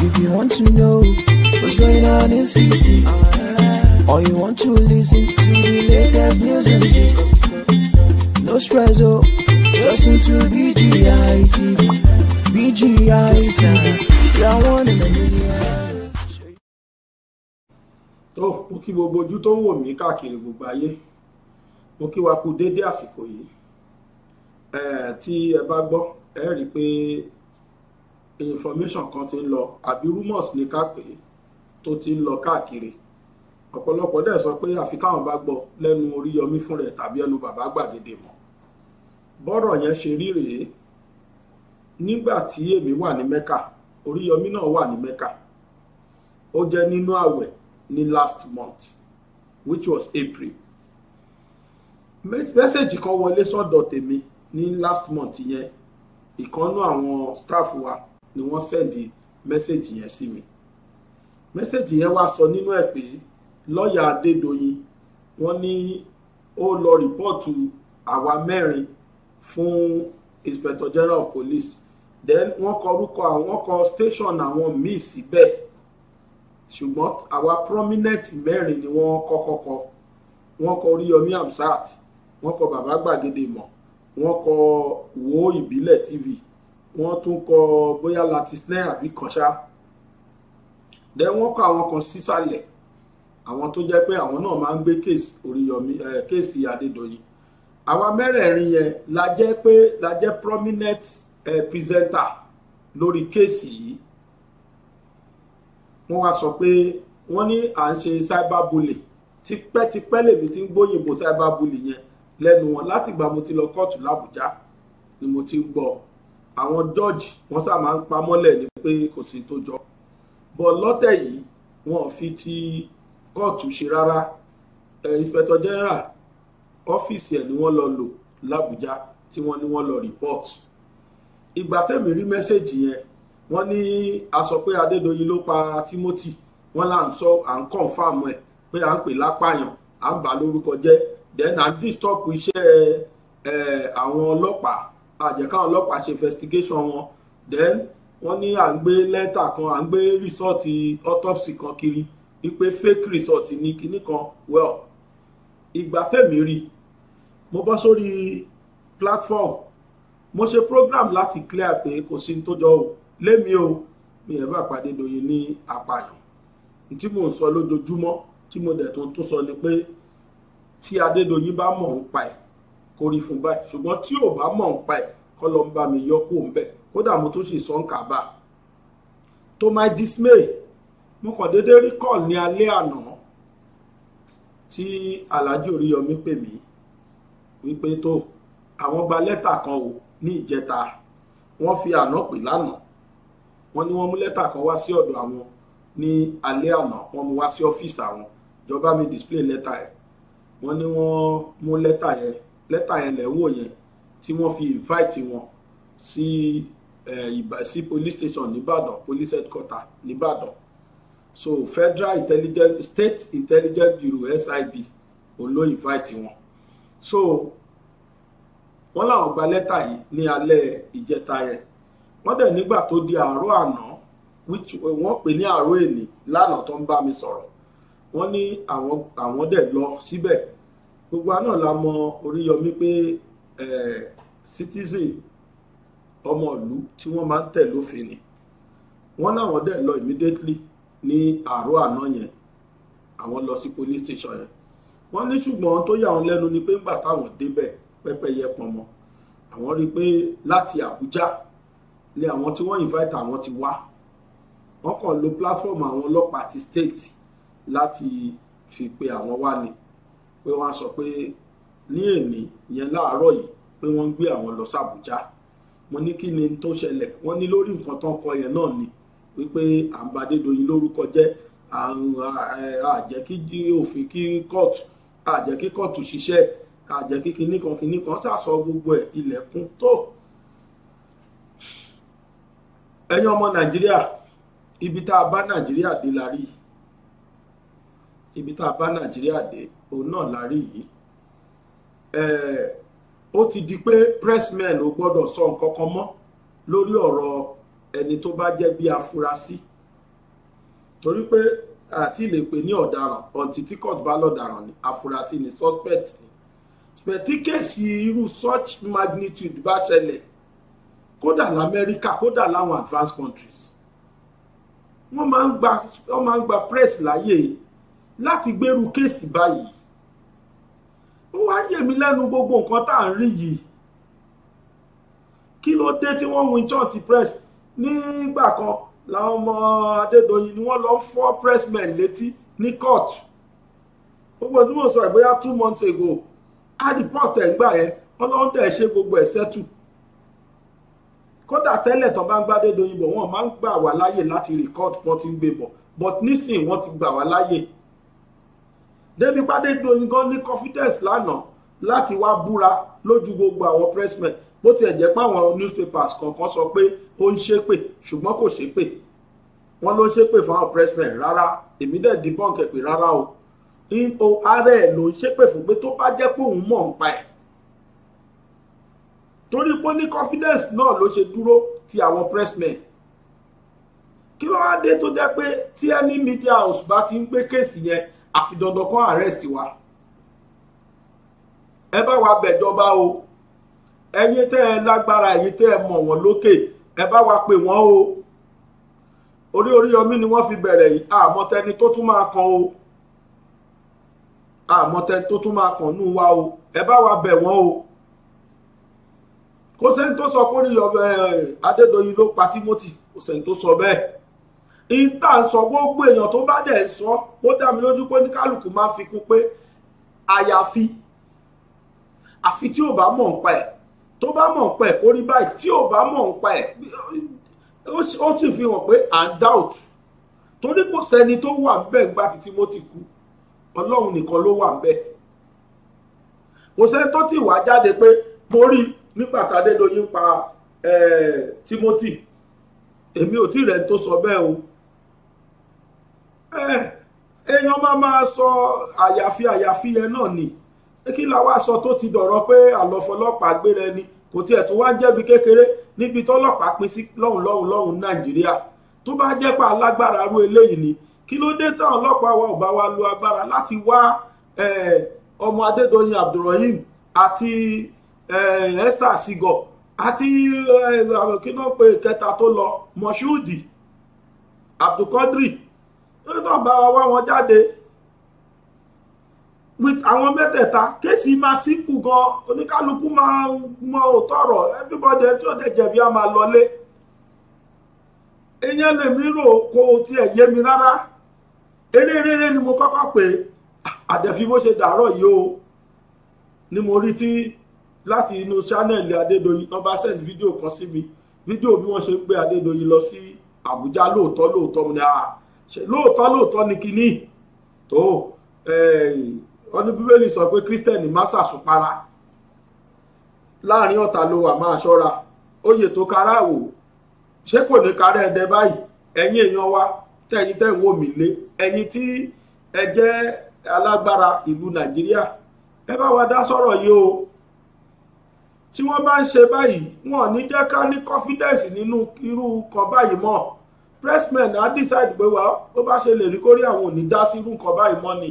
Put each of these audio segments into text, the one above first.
If you want to know what's going on in city, or you want to listen to the latest news and gist, no stress, oh, just tune to BGI TV. BGI TV, you are one in a million. tó oh, mo kí gbogbo ojú tó ń wò mí káàkiri gbogbo ayé mo kí wa kú déédé àsìkò yìí tí ẹ bá gbọ́ ẹ rí i pé information kan ti ń lọ àbí rumors ní ká pè é tó ti ń lọ káàkiri ọ̀pọ̀lọpọ̀ dẹ̀ sọ pé àfi táwọn bá gbọ́ lẹ́nu Oríyọmí fúnra ẹ̀ tàbí ẹnu bàbá gbàgede mọ̀ bọ́rọ̀ yẹn ṣe rí rèé nígbà tí èmi wà ní Mẹ́kà Oríyọmí náà wà ní Mẹ́kà ó jẹ́ nínú àwẹ̀ ní last month which was April mẹ́sẹ̀gì kan wọlé sọ́dọ̀ tèmi ní last month yẹn ìkànnú àwọn staff wa ni wọ́n sẹ́ndì mẹ́sẹ̀gì yẹn sí mi mẹ́sẹ̀gì yẹn wá sọ nínú ẹ̀ pé lọ́ọ̀yà Adédoyin wọ́n ní ó lọ rìpọ́ọ̀tù àwa mẹ́rin fún inspector general of police then wọ́n kọ orúkọ àwọn kọ station àwọn míì síbẹ̀ ṣùgbọ́n àwa prominent mẹ́rin ni wọ́n kọ́kọ́ kọ wọ́n kọ Oríyọmí Hamzat wọ́n kọ bàbá gbàgede mọ̀ wọ́n kọ wo ìbílẹ̀ tv wọ́n tún kọ bóyá láti snare àbí kànṣá then wọ́n kọ àwọn kan sísàlẹ̀ àwọn tó jẹ́ pé àwọn náà máa ń gbé kéèsì Oríyọ̀mí kéèsì Adédoyin àwa mẹ́rẹ̀ẹ̀rin yẹn la jẹ́ pé la jẹ́ prominent presenter lórí kéèsì yìí wọ́n wá sọ pé wọ́n ní à ń ṣe cyberbullying tipẹ́tipẹ́ lèmi ti ń gbóyìnbó cyberbullying yẹn lẹ́nu wọn látìgbà mo ti lọ kóòtù l'Àbújá ni mo ti ń gbọ́ ọ àwọn jọ́ọ̀jì wọ́n sá máa ń pa ni pé kò sí tó jọ bọ́ lọ́tẹ̀ yìí wọn fi ti kóòtù ṣe rárá inspector general ọ́fíìsì ẹ̀ ni wọ́n lọ lò làbújá tí wọ́n ní wọ́n lọ report ìgbà tẹ̀mí rí mẹ́sẹ̀gì yẹn wọ́n ní a sọ pé Adédoyin ló pa Timothy wọ́n là ń sọ à ń confam ẹ̀ pé à ń pè lápàyàn à ń bà lórúkọ jẹ́ then à ń disturb iṣẹ́ àwọn ọlọ́pàá àjẹká ọlọ́pàá ṣe investigation wọn then wọ́n ní à ń gbé lẹ́tà kan à ń gbé rìsọ́ọ̀tì autopsy kan kiri wípé fake rìsọ́ọ̀tì ní kinní kan well ìgbà tẹ̀mí rí mo bọ́ sórí platform mo ṣe program láti clear pé kò sí ní tó jọ o lémi o mi ẹ̀ bá pàdé dòye ní apààyàn tí mò ń sọ lójoojúmọ́ tí mo dẹ̀ tún tún sọ ni pé tí Adédoyin bá mọ̀ ń pa ẹ̀ kó rí fún báyìí ṣùgbọ́n tí ò bá mọ̀ ń pa ẹ̀ kọ́ lọ ń bá mi yọ kó ń bẹ̀ kódà mo tún sì sọ ń kà bá a. to my dismay mo kàn déédé rí call ní alẹ́ àná tí Alhaji Oríyọmí pè mí wípé tó àwọn gba lẹ́tà kan o ní ìjẹta wọ́n fi àná pè lánàá wọ́n ní wọ́n mú lẹ́tà kan wá sí ọ̀dọ̀ àwọn ní alẹ́ àná wọ́n mú wá sí ọ́fíìsì àwọn ìjọba mi display lẹ́tà yẹn wọ́n ní wọ́n mú lẹ́tà yẹn lẹ́tà yẹn lẹ́ wò yẹn tí wọ́n fi invite wọn sí ìbá sí police station nìbàdàn police headquarter nìbàdàn so federal intelligence state intelligence bureau SIB òun ló invite wọn so wọ́n làwọn gba lẹ́tà yìí ní alẹ́ ìjẹta yẹn wọ́n dẹ̀ nígbà tó di àárọ̀ àná wọ́n pè ní àárọ̀ èní lánàá tó ń bá mi sọ̀rọ̀ wọ́n ní àwọn àwọn dẹ̀ lọ síbẹ̀ gbogbo àná la mọ Oríyọmí pé citizen ọmọ ìlú tí wọ́n máa ń tẹ̀ lófin ni wọ́n láwọn dẹ̀ lọ immediately ní àárọ̀ àná yẹn àwọn lọ sí police station yẹn wọ́n ní ṣùgbọ́n tó yà wọ́n lẹ́nu ni pé ńgbà táwọn débẹ̀ pẹ́pẹ́yẹ pọnmọ àwọn rí i pé láti Àbújá ni àwọn tí wọ́n invite àwọn ti wá wọ́n kàn lo platform àwọn ọlọ́pàá ti state láti fi pe àwọn wá ni pé wọ́n á sọ pé ní èmi yẹn láàárọ̀ yìí pé wọ́n ń gbé àwọn lọ sàbújá mo ní kí ni tó ṣẹlẹ̀ wọ́n ní lórí nǹkan tán kọ yẹn náà ni wípé à ń ba Adédoyin lórúkọ jẹ́ àjẹ́ kí òfin kí kóòtù àjẹ́ kí kóòtù ṣiṣẹ́ àjẹ́ kí kinní kan kinní kan ṣàṣọ gbogbo ẹ̀ ilẹ̀kùn tó. ẹ̀yin ọmọ Nàìjíríà ibi tá a bá Nàìjíríà dé la rí yìí ibi tá a bá nàìjíríà dé òun náà la rí yìí ó ti di pé pressmen ò gbọ́dọ̀ sọ nǹkan kan mọ́ lórí ọ̀rọ̀ ẹni tó bá jẹ́ bí afurasí torí pé àti lè pè ní ọ̀daràn ọ̀ntì tí court bá lọ́daràn ni afurasí ni suspect ni pẹ̀tí kéèsì irú such magnitude bá ṣẹlẹ̀ kódà lamẹ́ríkà kódà láwọn advanced countries wọ́n máa ń gba wọ́n máa ń gba press láyè láti gbérú kéèsì báyìí ó wá yè mí lẹ́nu gbogbo nǹkan tá à ń rí yìí kí ló dé tí wọ́n win church press nígbà kan làwọn ọmọ Adédoyin ni wọ́n lọ fọ́ pressmen létí ní court gbogbo tí mo sọ ìgbéyà two months ago a report ẹ̀ gbà yẹn wọ́n lọ́n dẹ̀ ṣe gbogbo ẹ̀ sẹ́tù kódà tẹ́lẹ̀ tó bá ń gbádé doyinbọ̀ wọn máa ń gbà wá láyè láti record wọn ti ń gbé bọ̀ but nísìnyí wọ́n ti gbà wá láyè débi pàdé doyin gan ní confidence lánàá láti wá búra lójú gbogbo àwọn pressmen bó tiẹ̀ jẹ́ pé àwọn newspapers kọ̀ọ̀kan sọ pé ó ń ṣépè ṣùgbọ́n kò ṣépè wọ́n ló ń ṣépè fún àwọn pressmen rárá èmi dẹ̀ di bọ́ǹkẹ̀ pé rárá o o ara ẹ̀ ló ń ṣépè fún pé tó bá jẹ́ pé òun mọ̀ ń pa ẹ̀ torí pé ó ní confidence náà ló ṣe dúró ti àwọn pressmen kí ló wá dé tó jẹ́ pé tí ẹni media house bá ti ń gbé kéèsì yẹn àfi dandan kọ́ arrest wa ẹ bá wa bẹ̀jọba o ẹ̀yin tẹ́ ẹ lágbára ẹ̀yin tẹ́ ẹ mọ̀ wọ́n lókè ẹ bá wa pè wọ́n o orí Oríyọmí ni wọ́n fi bẹ̀rẹ̀ yìí àmọ́tẹni tó tún máa kan o àmọ́tẹni tó tún máa kàn nù wa o ẹ bá wa bẹ̀ wọ́n o kò sẹ́ni tó sọ pé Oríyọmí Adédoyin ló pa Timothy kò sẹ́ni tó sọ bẹ́ẹ̀ ìta ń sọ gbogbo èèyàn tó bá dẹ̀ ń sọ ó dá mi lójú pé ní kálukú máa fi kún pé àyàfi àfi tí ò bá mọ̀ ń pa ẹ̀ tó bá mọ̀ ń pa ẹ̀ kó rí báyìí tí ò bá mọ̀ ń pa ẹ̀ ó sì fi hàn pé à ń doubt torí kò sẹ́ni tó wà bẹ́ẹ̀ gba ti Timothy kú ọlọ́run nìkan ló wà bẹ́ẹ̀ kò sẹ́ni tó ti wà jáde pé mo rí nígbà tá Adédoyin pa Timothy èmi ò tí rẹ̀ tó sọ bẹ́ẹ̀ o ẹ̀ èèyàn máa máa sọ àyàfi àyàfi yẹn náà ni kí la wá sọ tó ti dọ̀rọ̀ pé àlọ́fọlọ́pàá gbéra ẹni kò tiẹ̀ tó wá jẹ́bi kékeré níbi tọ́lọ́pàá pín sí lọ́hùn lọ́hùn lọ́hùn nàìjíríà tó bá jẹ́ pé alágbára rú eléyìí ni kí ló dé táwọn ọlọ́pàá wa ò bá wa lo agbára láti wá ọmọ adédọyìn abdulrahim àti esther sigo àti kí ló pe kẹta tó lọ moshood abdulkadri tó bá wa wá wọn jáde with àwọn mẹ́tẹ̀ẹ̀ta kéèsì máa sínkù gan oníkálukú máa mọ òótọ́ ọ̀rọ̀ everybody tí ó dẹ̀ jẹ̀bi á máa lọlé èèyàn lèmi rò kó o tiẹ̀ yé mi rárá eré rere ni mo kọ́kọ́ pé àdẹ̀fí bó ṣe dàárọ̀ yìí o ni mo rí tí láti inú ṣánẹ́ẹ̀lì adédoyin nọmba send fídíò kan sí mi fídíò bí wọ́n ṣe ń gbé adédoyin lọ sí àbújá lóòótọ́ lóòótọ́ mo ní à ah, lóòótọ́ lóòótọ́ ni kinní tó eh, ọdún bíbélì sọ pé kírísítẹ́nì má ṣàṣùpara láàrin ọ̀tá ló wà máa ṣọ́ra oyè tó kára wò ṣé kò ní kára báyìí ẹ̀yìn èèyàn wa tẹ̀yin tẹ̀ wò mí lé tí ẹ jẹ́ alágbára ìlú nàìjíríà ẹ o tí wọ́n bá ń ṣe báyìí wọn ò ní jẹ́ ká ní kan báyìí mọ́ pressmen á decide pé wá bó bá ṣe lè rí kórí àwọn ò ní dá sírú nǹkan báyìí mọ́ ni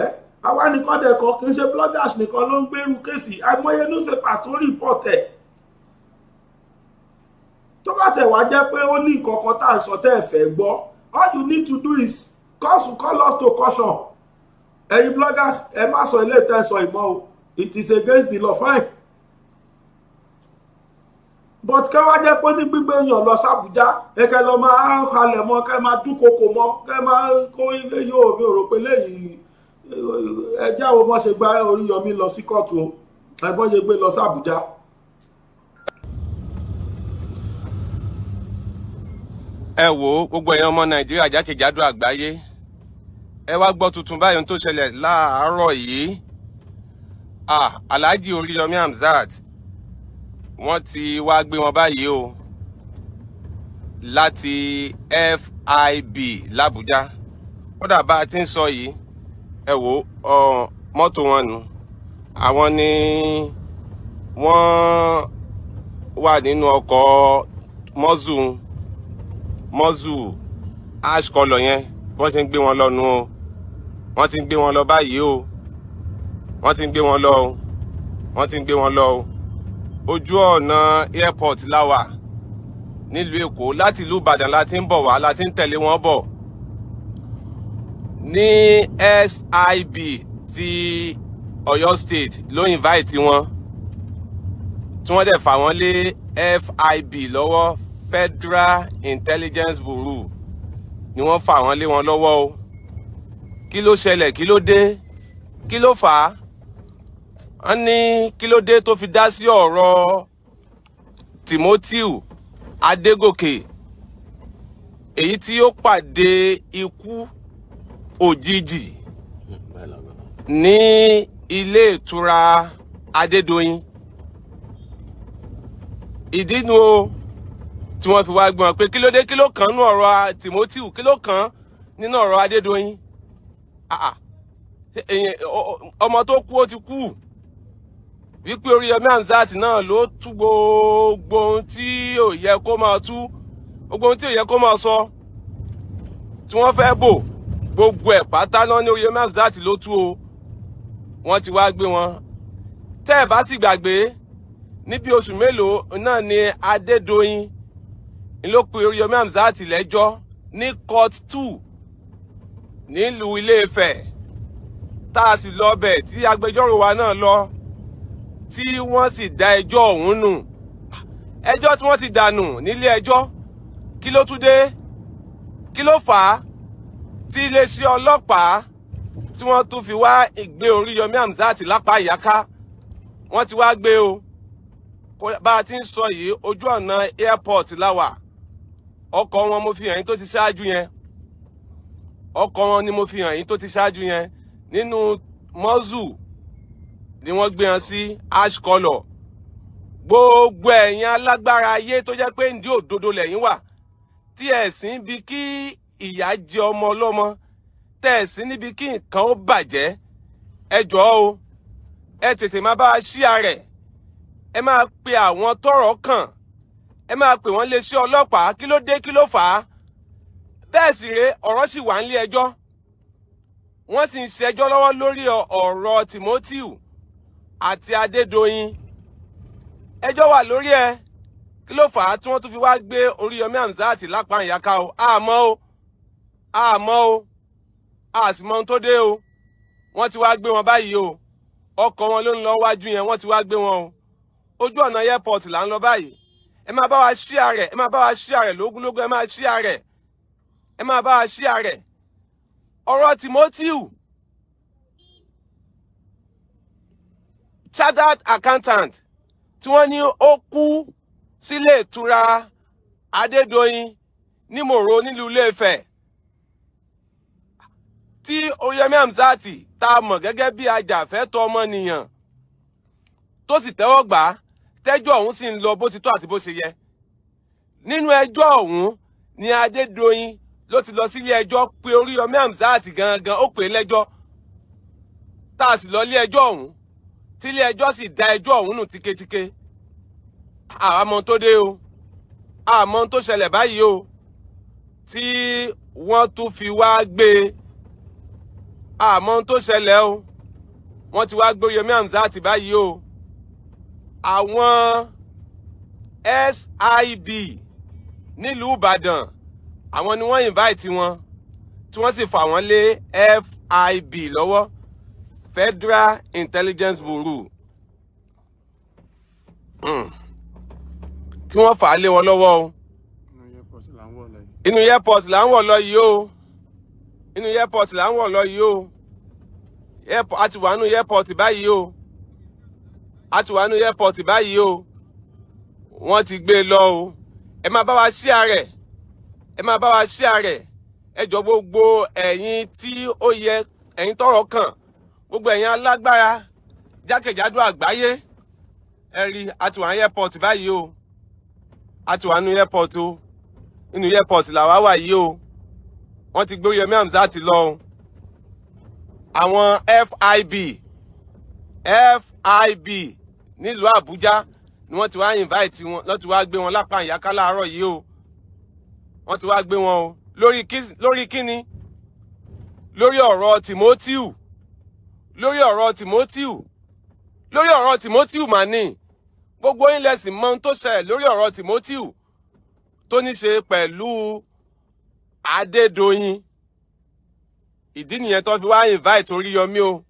ẹ́ àwa nìkan dẹ̀kọ́ kì í ṣe bloggers nìkan ló ń gbèrú kéèsì àìmọye newspapers tó report ẹ̀ tó bá tẹ̀ wá jẹ́ pé ó ní nǹkan kan tá à ń sọ tẹ́ ẹ̀ fẹ́ gbọ́ all you need to do is call to call us to caution ẹ̀yin bloggers ẹ má sọ ilé ìtẹ̀sọ̀ ìmọ̀ o it is against the law fine but kẹ́ wá jẹ́ pé ní gbígbé èèyàn lọ sàbújá kẹ́ lọ máa halẹ̀ mọ́ kẹ́ máa dúnkokò mọ́ kẹ́ máa kó ilé yóò mi ò rò pé léyìí ẹjẹ́ àwọn ọmọ ṣe gba Oríyọmí lọ sí kóòtù o ẹgbọ́n ṣe gbé lọ sàbújá. ẹ wo gbogbo èèyàn ọmọ Nàìjíríà jákèjádò àgbáyé ẹ wá gbọ́ tuntun báyìí tó ṣẹlẹ̀ láàárọ̀ yìí Alhaji Oríyọmí Hamzat wọ́n ti wá gbé wọn báyìí o láti FIB làbújá kódà bá a ti ń sọ yìí ẹ wò ó mọ́tò wọn nù àwọn ni wọ́n wà nínú ọkọ̀ mọ́zù mọ́zù ash kọlọ̀ yẹn wọ́n ti ń gbé wọn lọ nù o wọ́n ti ń gbé wọn lọ báyìí o wọ́n ti ń gbé wọn lọ o wọ́n ti ń gbé wọn lọ o ojú ọ̀nà airport láwà nílùú èkó láti ìlú ìbàdàn la ti ń bọ̀ wá la ti ń tẹ̀lé wọn bọ̀ ní SIB ti Ọ̀yọ́ state ló invite wọn tí wọ́n dẹ̀ fà wọ́n lé FIB lọ́wọ́ Federal Intelligence Bureau ni wọ́n fà wọ́n lé wọn lọ́wọ́ o kí ló ṣẹlẹ̀ kí ló dé kí ló fà á wọ́n ní kí ló dé tó fi dá sí ọ̀rọ̀ Timothy Adégòkè èyí tí ó pàdé ikú òjijì ní ilé ìtura Adédoyin ìdí nu o tí wọ́n fi wá gbọ́n pé kí ló dé kí ló kàn nínú ọ̀rọ̀ Timothy kí ló kàn nínú ọ̀rọ̀ Adédoyin ah, ah. ọmọ tó kú ó ti kú wípé Oríyọmí Hamzat náà ló tú gbogbo ohun tí ò yẹ kó máa tú gbogbo ohun tí ò yẹ kó máa sọ tí wọ́n fẹ́ bò gbogbo ẹ̀ pátá náà ní Oríyọmí Hamzat ló tú o wọ́n ti wá gbé wọn tẹ́ ẹ̀ bá sì gbàgbé ní bí oṣù mélòó náà ni Adédoyin ló pe Oríyọmí Hamzat lẹ́jọ́ ní court two nílùú Ilé-Ifẹ̀ tá a sì lọ bẹ̀ tí agbẹjọ́rò wa náà lọ tí wọ́n sì dá ẹjọ́ ọ̀hún nù ẹjọ́ tí wọ́n ti dànù nílé ẹjọ́ kí ló tún dé kí ló fà á tí iléeṣẹ́ ọlọ́pàá tí wọ́n tún fi wá ìgbé Oríyọmí Hamzat lápá ìyáká wọ́n ti wá gbé o bá a ti ń sọ yìí ojú ọ̀nà airport láwà ọkọ̀ wọn mo fi hàn yín tó ti ṣáájú yẹn ọkọ̀ wọn ni mo fi hàn yín tó ti ṣáájú yẹn nínú mọ́zù ni wọ́n gbé wọn sí ash color. gbogbo ẹ̀yin alágbára ayé tó jẹ́ pé ǹdí òdodo lẹ́yìn wà tí ẹ̀sìn bí kí ìyá jẹ ọmọ ọlọ́mọ tẹ̀sí níbi kí nǹkan ó bàjẹ́ ẹ jọ̀ọ́ o ẹ tètè máa bá a ṣíà rẹ̀ ẹ máa pe àwọn tọ́rọ̀ kàn ẹ máa pè wọ́n léṣẹ́ ọlọ́pàá kí ló dé kí ló fà á bẹ́ẹ̀ sì rèé ọ̀rọ̀ sì wà nílé ẹjọ́ wọ́n ti ń ṣẹjọ́ lọ́wọ́ lórí ọ̀rọ̀ Timothy àti Adédoyin ẹjọ́ wà lórí ẹ kí ló fà á tí wọ́n tún fi wá gbé Oríyọmí Hamzat lápá ìyáká o àmọ́ o àmọ́ o àsìmọ́ ohun tó dé o wọ́n ti wá gbé wọn báyìí o ọkọ̀ wọn ló ń lọ wájú yẹn wọ́n ti wá gbé wọn o ojú ọ̀nà airport là ń lọ báyìí ẹ máa bá wa share rẹ̀ ẹ máa bá wa share rẹ̀ lógúnlógún ẹ máa share rẹ̀ ẹ máa bá wa share rẹ̀ ọ̀rọ̀ Timothy chartered accountant tí wọ́n ní ó kú sílé ìtura Adédoyin ní Mòró nílùú Ilé-Ifẹ̀ tí Oyèyẹmí Hamzat tá a mọ̀ gẹ́gẹ́ bí ajàfẹ́tọ̀ọ́ ọmọnìyàn tó sì tẹ́wọ́ gbà á tẹ́jọ́ ọ̀hún sì ń lọ bó ti tọ́ àti bó ṣe yẹ nínú ẹjọ́ ọ̀hún ni Adédoyin ló ti lọ sílé ẹjọ́ pé Oyèyẹmí Hamzat gangan ó pè é lẹ́jọ́ tá a sì lọ ilé ẹjọ́ ọ̀hún tílé ẹjọ́ sì dá ẹjọ́ ọ̀hún nù tíketíke àmọ́ tó dé o àmọ́ tó ṣẹlẹ̀ báyìí o tí wọ́n tún fi wá gbé e àmọ́ tó ṣẹlẹ̀ o wọ́n ti wá gbé Yomi Hamzat báyìí o àwọn SIB nílùú Ìbàdàn àwọn ni wọ́n invite wọn tí wọ́n sì fà wọ́n lé FIB lọ́wọ́. Federal Intelligence Bureau hmm. tí wọ́n fà á lé wọn lọ́wọ́ o inú airport là ń wọ̀ lọ yìí o inú airport là ń wọ̀ lọ yìí o a ti wà nínú airport báyìí o a ti wà nínú airport báyìí o wọ́n ti gbé e lọ o ẹ máa bá wa share rẹ̀ ẹ máa bá wa share rẹ̀ ẹ jọ gbogbo ẹ̀yin tí ó yẹ ẹ̀yin tọ́rọ̀ kàn gbogbo ẹ̀yin alágbára jákèjádò àgbáyé ẹ̀rí àtiwà ní airport báyìí o àtiwà nínú airport o nínú airport làwa wà yìí o wọ́n ti gbé Yẹmí Amzat lọ o àwọn FIB FIB nílùú Àbújá ni wọ́n ti wá invite wọn lọ́ti wá gbé wọn lápá ìyáká láàárọ̀ yìí o wọ́n ti wá gbé wọn o lórí kíni lórí ọ̀rọ̀ Timothy lórí ọ̀rọ̀ Timoteo lórí ọ̀rọ̀ Timoteo mà ní gbogbo yín lẹ sì mọ ohun tó ṣẹlẹ̀ lórí ọ̀rọ̀ Timoteo tó ní ṣe pẹ̀lú Adédoyin ìdí nìyẹn tó fi wá invite Oríyọmí o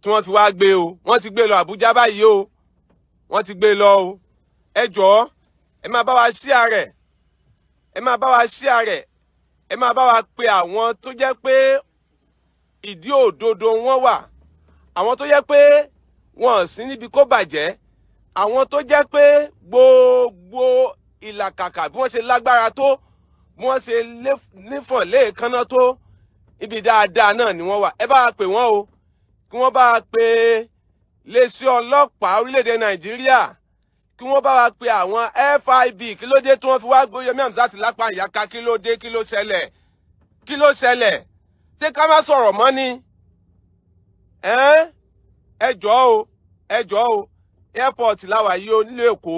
tí wọ́n fi wá gbé o wọ́n ti gbé lọ Àbújá báyìí o wọ́n ti gbé lọ o ẹ jọ̀ọ́ ẹ máa bá wa share rẹ̀ ẹ máa bá wa share rẹ̀ ẹ máa bá wa pe àwọn tó jẹ́ pé ìdí òdodo wọn wà àwọn tó yẹ pé wọn sí níbi kó bàjẹ́ àwọn tó jẹ́ pé gbogbo ìlàkàkà bí wọ́n ṣe lágbára tó bí wọ́n ṣe nífọ̀n léèkánná tó ibi dáadáa náà ni wọ́n wà ẹ bá pè wọ́n o kí wọ́n bá pè léṣe ọlọ́pàá orílẹ̀ nàìjíríà kí wọ́n bá wa pè àwọn FIB kí ló dé tí wọ́n fi wá gbóyè mẹ́mísà ti lápá ìyáka kí ló dé kí ló ṣẹlẹ̀ kí ló ṣẹlẹ̀ ṣé ká má sọ̀rọ̀ mọ́ ni ẹ jọ̀ọ́ o ẹ o airport làwà yìí o nílùú èkó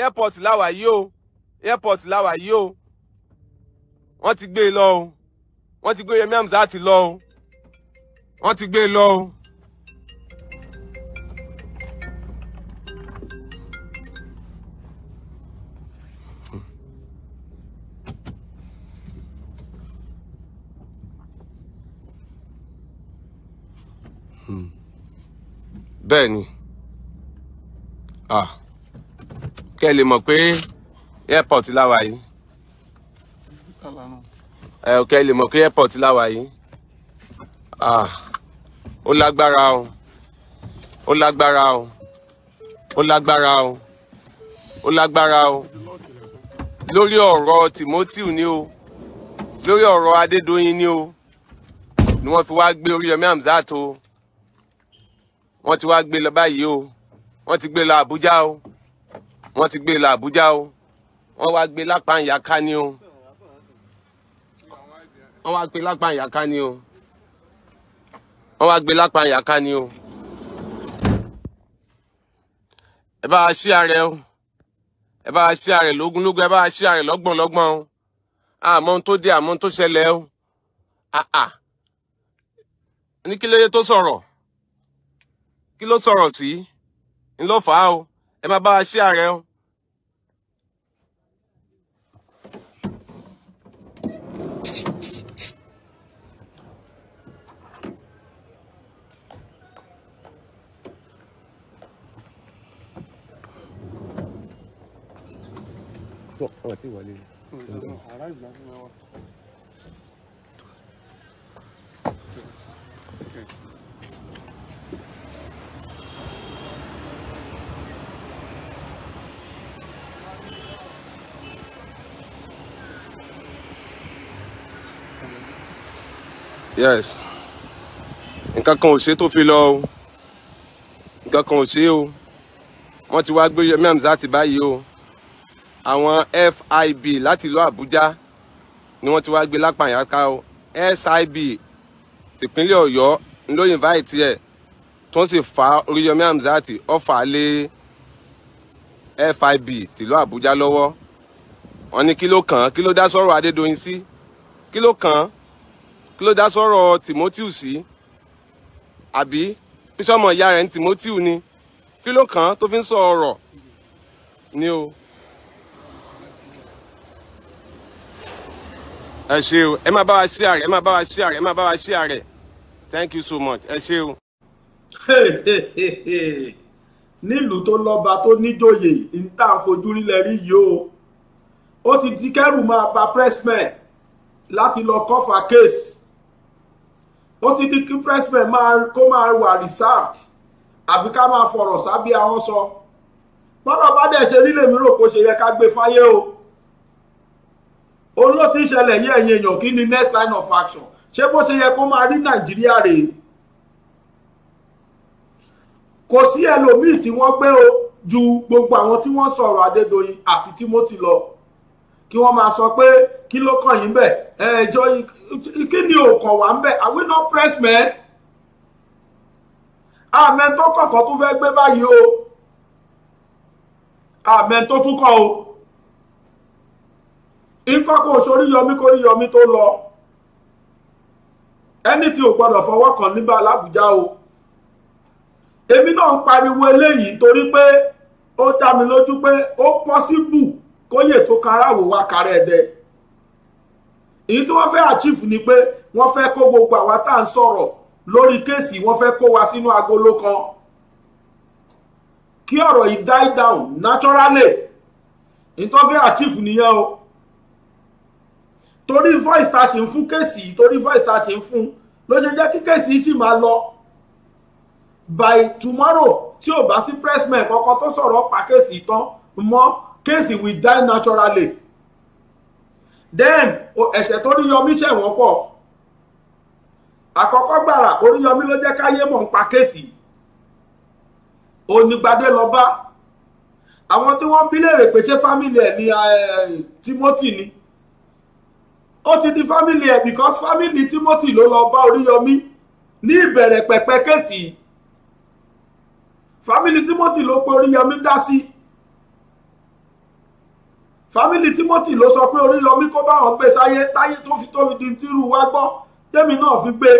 airport làwà yìí o airport làwà yìí o wọ́n ti gbé e lọ o wọ́n ti gbé Yẹmí Amzat lọ o wọ́n ti gbé e o. bẹ́ẹ̀ ni kẹ́ ẹ lè mọ̀ pé airport láwa yìí kẹ́ ẹ lè mọ̀ pé airport láwa yìí ó lágbára o ó lágbára o ó lágbára o ó lágbára o lórí ọ̀rọ̀ Timothy ni o lórí ọ̀rọ̀ Adédoyin ni o ni wọ́n fi wá gbé Oríyọmí Hamzat o wọ́n ti wá gbé lọ báyìí o wọ́n ti gbé lọ Àbújá o wọ́n ti gbé lọ Àbújá o wọ́n wá gbé lápá ìyàká ni o wọ́n wá gbé lápá ìyàká ni o wọ́n wá gbé lápá ìyàká ni o ẹ bá wa ṣí ààrẹ o ẹ bá wa ṣí ààrẹ lógúnlógún ẹ bá wa ṣí ààrẹ lọ́gbọ̀n lọ́gbọ̀n o àmọ́ tó dé àmọ́ tó ṣẹlẹ̀ o ní kí lóye tó sọ̀rọ̀ kí ló sọ̀rọ̀ sí ń ló fà á o ẹ máa bá wa ṣí ààrẹ o. tó ọ̀rọ̀ tí Okay. yes nǹkan kan ò ṣe tó fi lọ o nǹkan kan ò ṣe o wọ́n ti wá gbé Yẹmí Amzat báyìí o àwọn FIB láti ìlú Àbújá ni wọ́n ti wá gbé lápàyàká o SIB tìpínlẹ̀ Ọ̀yọ́ ló invite ẹ̀ tó ń sì fa Oríyọmí Amzat ọ̀fà lé FIB tìlú Àbújá lọ́wọ́ wọ́n ní kí ló kàn án kí ló dá sọ̀rọ̀ Adédoyin sí kí ló kàn án kí ló dá sọ̀rọ̀ Timothy sí àbí bísọmọ ìyá rẹ̀ ń Timothy ni kí ló kàn án tó fi ń sọ ọ̀rọ̀ ni o. ẹ ṣé o ẹ máa bá wa share ẹ máa bá wa share ẹ máa bá wa share thank you so much ẹ ṣé o. nílùú tó lọ́ba tó níjòyè ń tà fojú rílẹ̀ rí yìí o ó ti di kẹ́rù máa ba pressman láti lọ kọ́fà case ó ti di kí pressman kó máa wà reserved àbí ká máa fọ̀rọ̀ sábẹ́ àwọn sọ gbọ́dọ̀ bá dẹ̀ ṣe nílé mi rò kó ṣe yẹ ká gbé fáyé o òun ló ti ń ṣẹlẹ̀ ní ẹ̀yìn èèyàn kí ni next line of action ṣé bó ṣe yẹ kó máa rí nàìjíríà rèé kò sí ẹlòmíì tí wọ́n gbé o ju gbogbo àwọn tí wọ́n sọ̀rọ̀ adédoyin àti timothy lọ kí wọ́n máa sọ pé kí ló kàn yín bẹ̀ ẹjọ́ kí ni ò kàn wá ń bẹ̀ are we not press men amen tó kọ̀kọ́ tún fẹ́ gbé báyìí o amen tó tún kọ́ o nǹkan kò sórí yọmí kórí yọmí tó lọ ẹni tí ò gbọdọ̀ fọwọ́ kàn níbà làbújá o èmi náà ń pariwo eléyìí torí pé ó dá mi lójú pé ó pọ́síbù kóyè tó karáwò wá kárá ẹdẹ èyí tí wọ́n fẹ́ achieve ni pé wọ́n fẹ́ kó gbogbo àwa tá à ń sọ̀rọ̀ lórí kéèsì wọ́n fẹ́ kó wa sínú agolo kan kí ọ̀rọ̀ yìí die down naturally èyí tó fẹ́ achieve nìyẹn o torí voice ta ṣe ń fún kéèsì torí voice ta ṣe ń fún ló ṣe jẹ́ kí kéèsì sì máa lọ by tomorrow tí ò bá sí pressman kọ́kọ́ tó sọ̀rọ̀ pa kéèsì tán mọ́ case we die naturally then ẹ̀ṣẹ̀ tó rí yọmí ṣẹ̀wọ̀n pọ̀ àkọ́kọ́ gbàrà oríyọmí ló jẹ́ káyé mọ̀ ń pa kéèsì onígbadé lọ bá àwọn tí wọ́n bí léèrè pé ṣé fámìlì ẹ̀ ní Timothy ni ó ti di fámìlì ẹ̀ because fámìlì Timothy ló lọ bá oríyọmí ní ìbẹ̀rẹ̀ pẹ̀pẹ̀ kéèsì fámìlì Timothy ló pe oríyọmí dá sí i fámìlì Timothy ló sọ pé Oríyọmí kó bá wọn gbé sáyé táyé tó fi tóbi di tírú wá gbọ́ tèmi náà fi gbé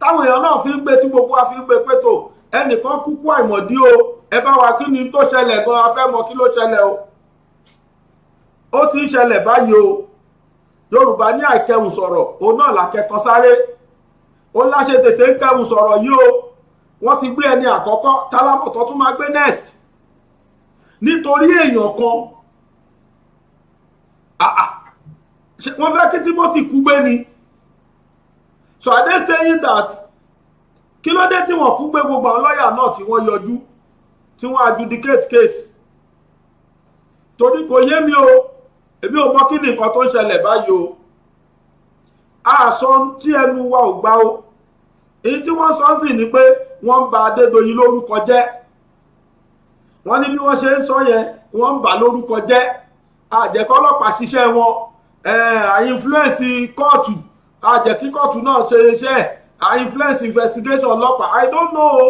táwọn èèyàn náà fi ń gbé tí gbogbo wa fi ń gbé pé tó ẹnìkan kúkú àìmọ̀dí o ẹ bá wa kí ni tó ṣẹlẹ̀ gan a fẹ́ mọ̀ kí ló ṣẹlẹ̀ o ó ti ń ṣẹlẹ̀ báyìí o Yorùbá ní àìkẹhùn sọ̀rọ̀ òun náà làkẹtàn sáré ó láṣẹ tètè ń kẹhùn sọ̀rọ̀ yìí o wọ́n ti gbé ẹni àkọ́kọ́ tálábọ̀ tún máa gbé next nítorí èèyàn kan Ah, ah. wọ́n fẹ́ kí Timothy kú gbé ni so I are tell you that kí ló dé tí wọ́n kú gbé gbogbo àwọn lọ́ọ̀yà náà tí wọ́n yọjú tí wọ́n adjudicate case torí kò yé mi o èmi ò mọ kí ni nǹkan tó ń ṣẹlẹ̀ báyìí o àṣọ tí ẹnu wa ò gbà o èyí tí wọ́n sọ sí ni pé wọ́n ń ba Adédoyin lórúkọ jẹ́ wọ́n ní bí wọ́n ṣe ń sọ yẹn wọ́n ń bà lórúkọ jẹ́ àjẹkọ́ ọlọ́pàá ṣiṣẹ́ wọn àìnfluence kóòtù àjẹkí kóòtù náà ṣe iṣẹ́ àìnfluence investigation ọlọ́pàá i don't know.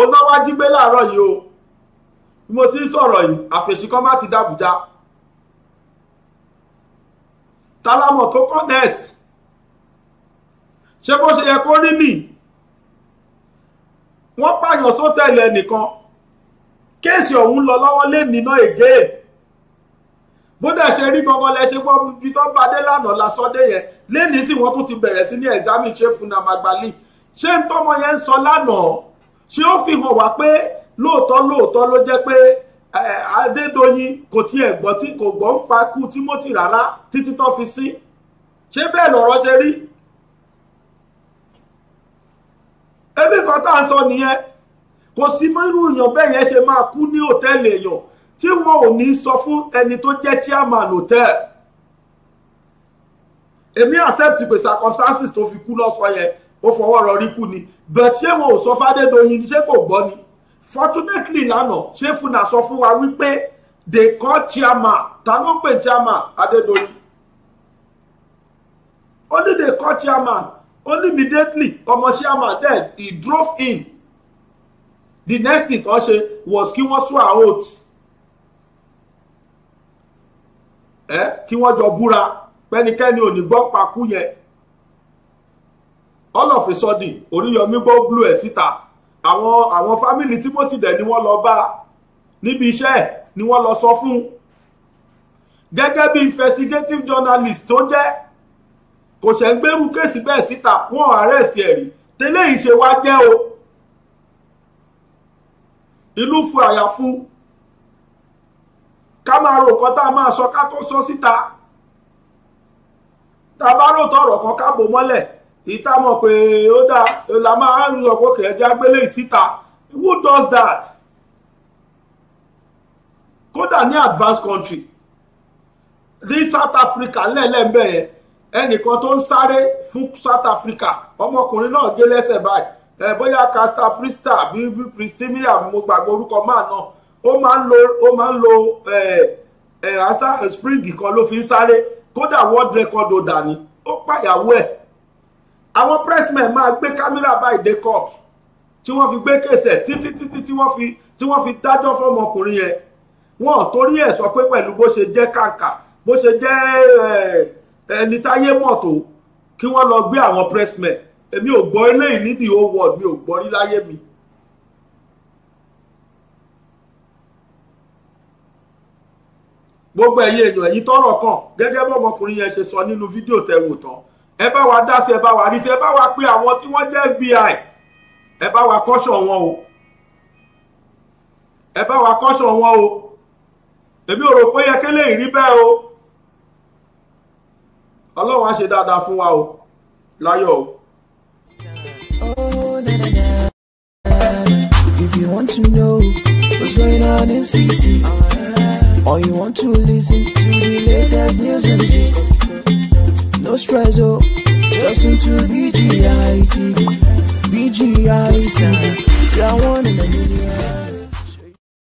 onáwájú gbé láàárọ̀ yìí o bí mo ti ń sọ̀rọ̀ yìí àfẹ̀síkọ́ má ti dàbújá tálámọ̀ tó kọ́ next ṣé bó ṣe yẹ kó rí nì wọ́n pààyàn sótẹ́ẹ̀lì ẹnìkan. So kéèsì ọ̀hún lọ lọ́wọ́ lé níná ègé bódà ṣe rí gangan lẹ ṣe gbọ́ ibi tó bá dé lánàá lásọdé yẹn lénìí sì wọ́n tún ti bẹ̀rẹ̀ sí ní ẹ̀zámì ṣe fúnna magbali ṣé ń tọ́mọ yẹn ń sọ lánàá ṣé ó fi hàn wá pé lóòótọ́ lóòótọ́ ló jẹ́ pé Adédoyin kò tiẹ̀ gbọ́ tí kò gbọ́ ń pa kú Timothy rárá títí tó fi sí ṣé bẹ́ẹ̀ lọ̀rọ̀ ṣe rí ebi kan tá à sọ nìyẹn kò sí mọ́rú èèyàn bẹ́ẹ̀ yẹn ṣe máa kú ní hòtẹ́ẹ̀lì èèyàn tí wọn ò ní sọ fún ẹni tó jẹ́ chairman hòtẹ́ẹ̀ èmi accept pé circumstances tó fi kú lọ́sọ yẹn ó fọwọ́ rọ rí kú ni bẹ́ẹ̀ tí wọn ò sọ fádédoyin ṣé kò gbọ́ ni fortunately lánàá ṣé fúnà sọ fún wa wípé they call chairman ta ló ń pè chairman adédoyin ó ní they call chairman ó immediately ọmọ chairman then he drove in the next thing tó ṣe was kí wọ́n swear out ẹ kí wọ́n jọ búra pẹ́nikẹ́ni ò ní gbọ́ pakú yẹn all of a sudden oríyọmí gbọ́ blue ẹ̀ síta àwọn àwọn fámìlì Timothy dẹ̀ ni wọ́n lọ bá níbi iṣẹ́ ni wọ́n lọ sọ fún gẹ́gẹ́ bí investigative journalist tó jẹ́ kò ṣẹ̀ ń gbérú kéèsì bẹ́ẹ̀ síta wọ́n arrest ẹ̀ rí tẹ́lẹ̀ yìí ṣe jẹ́ o ìlú fún àyà fún ká máa rò kan tá a máa sọ ká tó sọ síta tá a bá rò tọrọ kan ká bò mọ́lẹ̀ ìta mọ̀ pé ó dáa la máa ń lọ kókè ẹja gbélé síta who does that kódà ní advanced country ní South Africa lẹ́lẹ́mbẹ̀ẹ́ ẹnìkan tó ń sáré fún South Africa ọmọkùnrin náà gé lẹ́sẹ̀ báyìí ẹ bóyá Caster Priesta àbí Pristimia mo gbàgbọ́ orúkọ máa náà ó máa ń lo ó máa ń lo ẹ ẹ asa spring kan ló fi ń sáré kódà world record ò dání ó pàyàwó ẹ̀ àwọn pressmen máa gbé kámẹ́rà báyìí dé court tí wọ́n fi gbé kẹsẹ̀ títí títí tí wọ́n fi tí wọ́n fi dájọ́ fọmọkùnrin yẹn wọ́n torí ẹ̀ sọ pé pẹ̀lú bó ṣe jẹ́ kàǹkà bó ṣe jẹ́ ẹni táyé mọ̀ tó kí wọ́n lọ gbé àwọn pressmen èmi ò gbọ́ eléyìí nídìí ó wọ̀ mi ò gbọ́ rí láyé mi. gbogbo ẹ̀yin èèyàn ẹ̀yin tọ́rọ̀ kàn gẹ́gẹ́ bọ́mọkùnrin yẹn ṣe sọ nínú fídíò tẹ́ wò tán ẹ bá wa dá sí ẹ bá wa rí sí ẹ bá wa pé àwọn tí wọ́n jẹ́ FBI ẹ bá wa kọ́ṣọ̀ wọn o ẹ bá wa kọ́ṣọ̀ wọn o èmi ò rò pé yẹ kélé ìrí bẹ́ẹ̀ o ọlọ́run á ṣe dáadáa fún wa o láyọ̀ o. want to know what's going on in city. Or you want to listen to the latest news and gist. No stress, oh, just into BGI TV. BGI TV, you're one in a million.